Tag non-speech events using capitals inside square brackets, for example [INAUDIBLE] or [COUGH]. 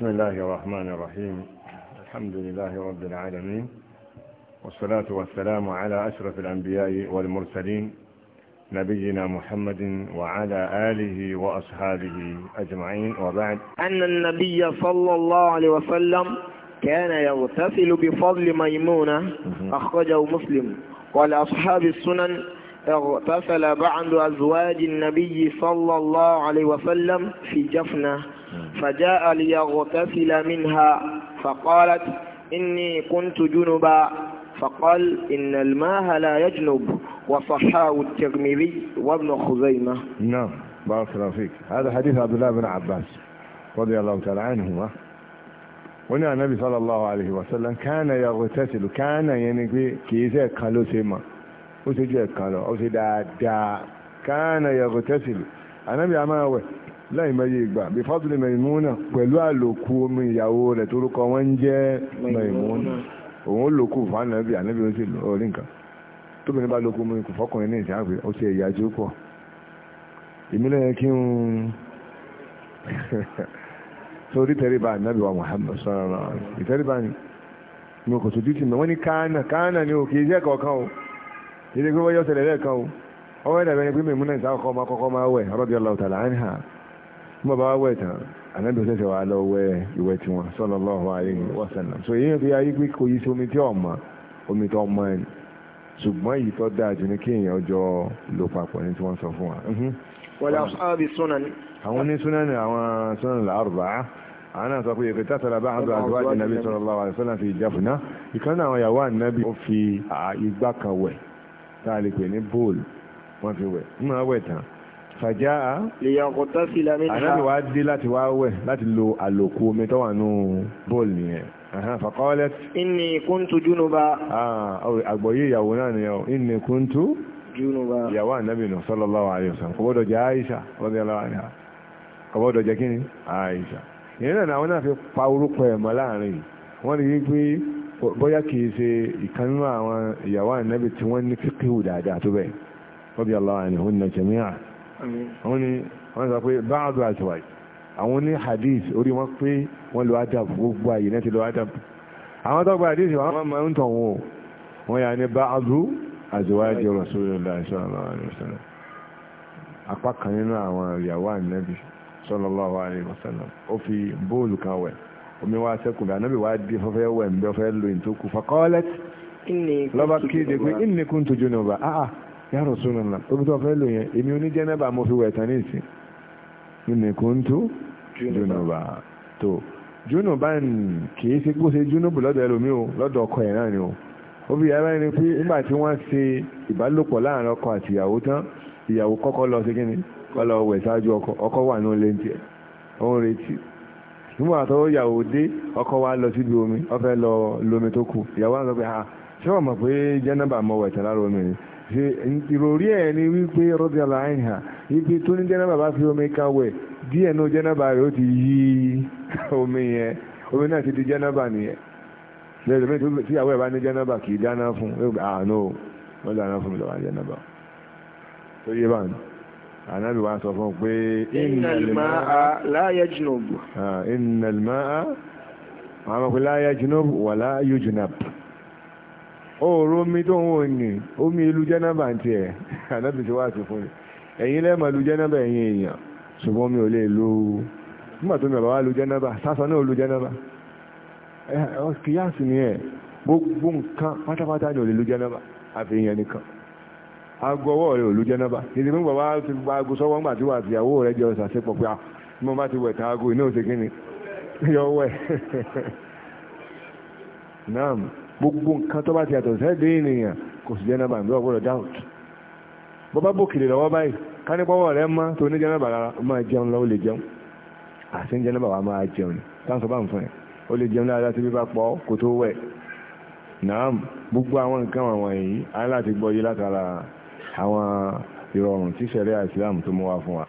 بسم الله الرحمن الرحيم الحمد لله رب العالمين والصلاة والسلام على أشرف الأنبياء والمرسلين نبينا محمد وعلى آله وأصحابه أجمعين وبعد أن النبي صلى الله عليه وسلم كان يغتسل بفضل ميمونة أخرجه مسلم قال أصحاب السنن اغتسل بعض أزواج النبي صلى الله عليه وسلم في جفنه فجاء ليغتسل منها فقالت إني كنت جنبا فقال إن الماء لا يجنب وصحاه الترمذي وابن خزيمة نعم بارك الله فيك هذا حديث عبد الله بن عباس رضي الله تعالى عنهما هنا النبي صلى الله عليه وسلم كان يغتسل كان يعني كيزة قالوا سيما وسجد قالوا أو سدادا كان يغتسل النبي عماه láì mẹ́yẹ ìgbà bí fátúlẹ̀ mẹ́ìmúnà pẹ̀lú àlòkù omi ìyàwó rẹ̀ torúkọ wọn ń jẹ́ mẹ́ìmúnà òun ó lòkù fánàbí ànábì ó sì lórí nǹkan tóbi ní bá lòkù omi kò fọkùnrin ní ìjà pé ó ti ẹ̀yà tí ó pọ̀ èmi náà yẹ kí n [LAUGHS] sórí tẹríba ànábì wa Muhammad sọ́ra ìtẹríba ni mi kò tó títì mi wọ́n ní kánà kánà ni ò kì í jẹ́ kọ̀ọ̀kan o kì í wọ́n yọ ọ̀sẹ̀ lẹ́lẹ́kan o ọwọ́ ẹ̀dàbẹ́ni pé mẹ́ìmúnà ìsáwọ́kọ́ ọmọ akọ́kọ́ máa wẹ̀ radiyallahu ta'ala anha bọ́ bá wẹ̀ tán ànábì ṣẹ̀ṣẹ̀ wà lọ wẹ ìwẹ̀ tiwọn sallallahu alaihi wasallam so èyí fi ayé pé kò yí sí omi tí ọ̀mọ́ omi tó ọmọ ẹni ṣùgbọ́n èyí tó dáa jù ní kí èèyàn jọ lò papọ̀ ní tí wọ́n sọ fún wa. Mhm. wọlé asábì sunan. àwọn ní sunan ni àwọn sunan al-arba'a àwọn náà sọ pé èkó tásàlà bá àwọn àdúrà nàbí sallallahu alaihi wasallam fi ìjáfùná ìkan náà àwọn ìyàwó ànábì ó fi igbá kan wẹ̀ tá a lè pè ní bóòlù wọ́n fi wẹ̀ ń máa wẹ̀ tán fàjá lèyànkọ̀tàsílà mi. ànábì wá dé láti wá wẹ̀ láti lo àlòkù omi tó wà nù bọ́ọ̀lù nìyẹn fàkọ́lẹ̀. inni kuntu junuba. àgbọ̀yé ìyàwó náà nìyẹn o inni kuntu. junuba. ìyàwó ànábì nù sallallahu alaihi wasallam kò gbọ́dọ̀ jẹ́ àyíṣà radiyallahu anha kò gbọ́dọ̀ jẹ́ kíni àyíṣà. ìyẹn náà àwọn náà fi pa orúkọ ẹ̀ mọ́ láàrin wọ́n ní pé bóyá kìí ṣe ìkanú àwọn ìyàwó ànábì tí wọ́n ní fíkìwù dáadáa tó bẹ́ẹ̀ radiyallahu anhunna jami'a àwọn ni wọ́n sọ pé báàdù àjọwàì àwọn ní hadith orí wọn pé wọ́n lo adab gbogbo àyè náà ti lo adab àwọn tó gba hadith wọn máa ń tàn wọn wọn yà ní báàdù àjọwàì Rasulullah sallallahu alaihi wasallam apá kan nínú àwọn ìyàwó ànábì sallallahu alaihi wasallam ó fi bóòlù kan wẹ̀ omi wá sẹ́kùn bí ànábì wá dé fọ́fẹ́ wẹ̀ ń bẹ́ fẹ́ lo ìtókù faqalat lọ́ba kéde pé ìnìkún tójú ní ọba ya Rasulullah omi tó fẹ́ lò yẹn èmi oníjẹ́nẹ́bà mo fi wẹ̀ tán ní ìsìn nínú kuntu jùnùbà tó jùnùbà ní kìí ṣe kó ṣe jùnùbù lọ́dọ̀ o lọ́dọ̀ ọkọ yẹn náà ni o ó fi yàrá ẹni pé nígbà tí wọ́n ṣe ìbálòpọ̀ láàrin ọkọ àti ìyàwó tán ìyàwó kọ́kọ́ lọ sí kíni kọ́ lọ wẹ̀ ṣáájú ọkọ ọkọ wà ní olè tiẹ̀ ó ń retí nígbà tó yàwó dé ọkọ wa lọ síbi omi ó fẹ́ lọ lomi tó kù ìyàwó àwọn sọ pé ha ah, ṣé wọ́n mọ̀ pé jẹ́nẹ́bà mọ̀ wẹ̀ tán lára omi ni ìròrí ẹ̀ ni wípé rọ́díàlá àìhà wípé tó ní jẹ́nàbà bá fi omi kan díẹ̀ náà jẹ́nàbà rẹ̀ ó ti yí omi yẹn omi náà ti di jẹ́nàbà nìyẹn lẹ́yìn omi tí ìyàwó ẹ̀ ní jẹ́nàbà kì í dáná fún àánú ah, wọ́n dáná fún mi lọ́wọ́ jẹ́nàbà tó yé báyìí ànábì wa sọ fún pé ìnàlmáà láyé jùnàbù ìnàlmáà àwọn ọmọkùnrin láyé jùnàbù wà láyé jùnàbù òòrùn omi tó ń wò ní omi ìlú jẹ́nàbà ń tiẹ̀ [LAUGHS] ànábì ti wá sí fún mi ẹ̀yin lẹ́ẹ̀mọ̀ ìlú jẹ́nàbà ẹ̀yin èèyàn ṣùgbọ́n mi ò lè lo nígbà tó mi ọ̀bá wá lu jẹ́nàbà sásán náà lu jẹ́nàbà kìyàsì ni ẹ̀ gbogbo nǹkan pátápátá ni ò lè lu jẹ́nàbà àfihàn nìkan aago ọwọ́ rẹ̀ ò lu jẹ́nàbà ìdí fún bàbá ti gba aago sọ́wọ́ ńgbà tí wà á tìyàwó rẹ̀ jẹ́ a mo bá ti wẹ̀ tá aago iná òsè gbogbo nǹkan tó bá ti yàtọ̀ sẹ́ẹ̀dẹ̀ ènìyàn kò sí jẹ́nàbà ní ọgbọ́dọ̀ doubt bó bá bòkìlì lọ́wọ́ báyìí ká ní pọ́wọ́ rẹ mọ́ tó ní jẹ́nàbà rárá ó máa jẹun lọ́wọ́ lè jẹun àti ń jẹ́nàbà wa máa jẹun ní táǹsọ̀ bá ń fún ẹ̀ ó lè jẹun dáadáa tí bí bá pọ̀ kó tó wẹ̀ náà gbogbo àwọn nǹkan àwọn yìí aláàtìgbọ́ yìí látara àwọn ìrọ̀rùn tí sẹ̀rẹ́ àìsílámù tó mú wá fún wa